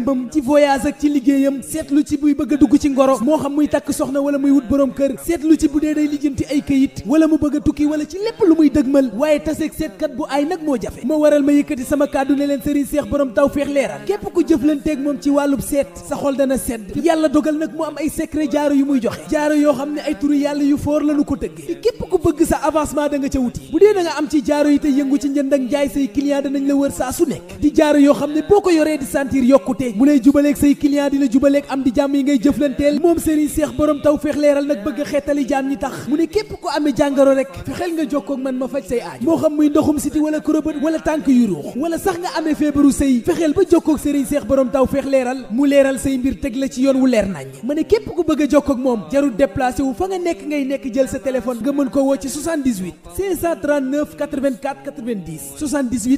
démbam ci voyage ak ci liggéeyam seetlu ci buy bëgg dugg ci ngoro moo xam muy takk soxna wala muy wut borom kër seetlu ci bu dee day lijjanti ay kayit wala mu bëgg tukki wala ci lépp lu muy dëgmal waaye taseeg seetkat bu ay nag moo jafe moo waral ma yëkkati sama kàddu ne leen sëriñ seex borom taw feex leeral képp ku jëflanteeg moom ci wàllub seet sa xol dana sedd yàlla dogal nag mu am ay secret jaaro yu muy joxe jaaro yoo xam ne ay turu yàlla yu foor lanu ko tëgge képp ku bëgg sa avancement da nga ca wuti bu am ci jaaro yi te yëngu ci njënd ak jaay say client danañ la wër saa su di jaaro yoo xam ne boo ko yoree di sentir yokkute jubale mu lay jubaleeg say client dina jubaleeg am di jàmm yi ngay jëflanteel moom Serigne Cheikh borom taw feex leeral nag bëgg a xeetali jaam tax mu ne képp ko amee jàngoro rek fexeel nga jokkoo ak man ma faj say aaj moo xam muy ndoxum siti wala kurobët wala tànk yu ruux wala sax nga amee feebaru sëy fexeel ba jokkoo ak Serigne borom taw feex leeral mu leeral say mbir teg la ci yoon wu leer nañ ma ne képp ku bëgg a jokkoo ak moom jarul déplacé wu fa nga nekk ngay nekk jël sa téléphone nga mën ko woo ci 78 539 84 90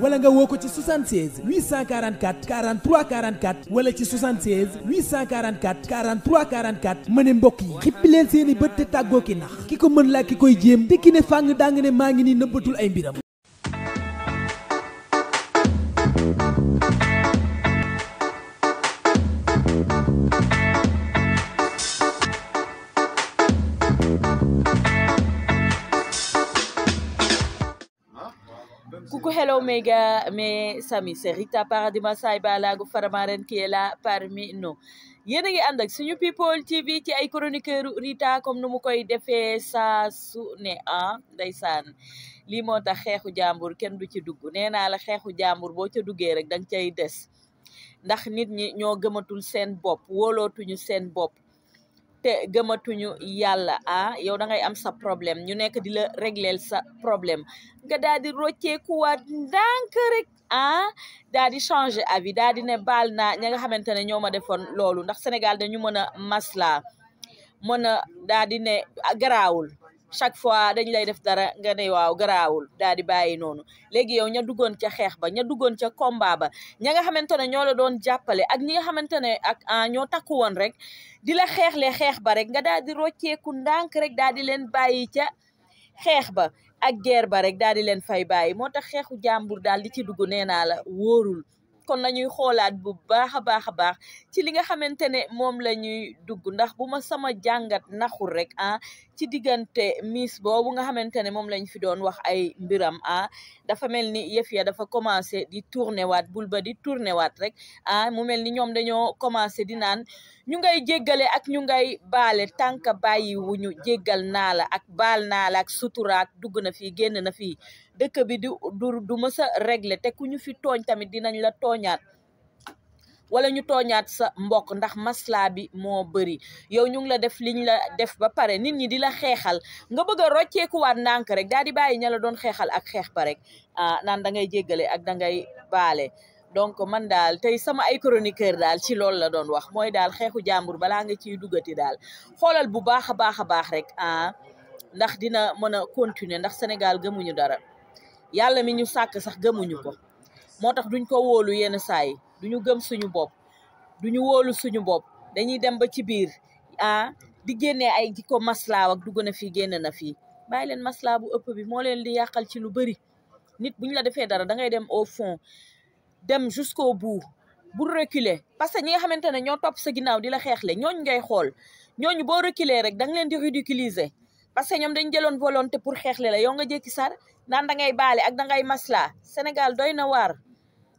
78 76 844 43 44 wala ci 76 844 43 44 ma ne mbokk yi xippi leen seeni bët te tàggoo ki nax ki ko mën laa ki koy jéem te ki ne fàng daa nga ne maa ngi nii nëbbatul ay mbiram Coucou, hello Mega, mes amis, c'est Rita Paradima Saiba, Lago Faramaren qui est là parmi nous. yéen a ngi ànd ak suñu ci TV ci ay chroniqueur Rita comme nu mu koy defee saa su ne ah ndeysaan lii moo tax xeexu jàmbur kenn du ci dugg nee naa la xeexu jàmbur boo ca duggee rek dang cay des ndax nit ñi ñoo gëmatul seen bopp wóolootuñu seen bopp te gëmatuñu yàlla ah yow da ngay am sa problème ñu nekk di la régleel sa problème nga daal di rocceekuwaat ndànk rek ah daal di changer avis daal di ne baal naa ña nga xamante ne ñoo ma defoon loolu ndax Sénégal dañu mën a masla mën a daal di ne garaawul chaque fois dañ lay def dara nga ne waaw garaawul daal di noonu léegi yow ña duggoon ca xeex ba ña duggoon ca combat ba ña nga xamante ne ñoo la doon jàppale ak ñi nga xamante ne ak ah, ñoo takku woon rek di la xeex xeexle xeex ba rek nga daal di rocceeku ndànk rek daal di leen bàyyi ca xeex ba ak guerre ba rek daal di leen fay bàyyi moo tax xeexu jàmbur daal di ci dugg nee naa la wóorul kon ñuy xoolaat bu baax a baax a baax ci li nga xamante ne moom la ñuy dugg ndax bu ma sama jàngat naxul rek ah ci diggante Miss boobu nga xamante ne moom lañ fi doon wax ay mbiram a dafa mel ni yëf ya dafa commencé di tourné waat bul ba di tourné waat rek a mu mel ni ñoom dañoo commencé di naan ñu ngay jéggale ak ñu ngay baale tànka bàyyi wuñu jéggal naa la ak bal naa ak suturaak dugg na fii génn na fii dëkk bi du du du mës a réglé te ku fi tooñ tamit dinañ la tooñaat wala ñu tooñaat sa mbokk ndax maslaa bi moo bëri yow ñu ngi la def liñ la def ba pare nit ñi di la xeexal nga bëgg a rocceekuwaat ndànk rek daal di bàyyi ña la doon xeexal ak xeex ba rek ah naan da ngay ak da ngay baale donc man daal tey sama ay chroniqueur daal ci loolu la doon wax mooy daal xeexu jàmbur balaa nga ciy duggati daal xoolal bu baax a baax a baax rek ah ndax dina mën a continuer ndax Sénégal gëmuñu dara yàlla mi ñu sàkk sax gëmuñu ko moo tax duñ ko wóolu yenn saa yi du ñu gëm suñu du ñu wóolu suñu bopp dañuy dem ba ci biir ah di génnee ay jikko maslaa ak dugg na fii génn na fii bàyyi leen maslaa bu ëpp bi moo leen di yàqal ci lu bëri nit bu ñu la defee dara da ngay dem au fond dem jusqu'au bu bu reculer parce que ñi nga xamante ne ñoo top sa ginnaaw di la xeexle ñooñu ngay xool ñooñu boo reculer rek da nga leen di ridiculiser parce que ñoom dañu jëloon volonté pour xeexle la yow nga jékki sar nan dangay ngay baale ak da ngay maslaa Sénégal doy na waar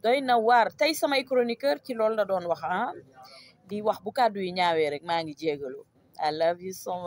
doy na waar tey samay chroniqueur ci loolu la doon wax ah di wax bu kàddu yu ñaawee rek maa ngi jégalu I love you so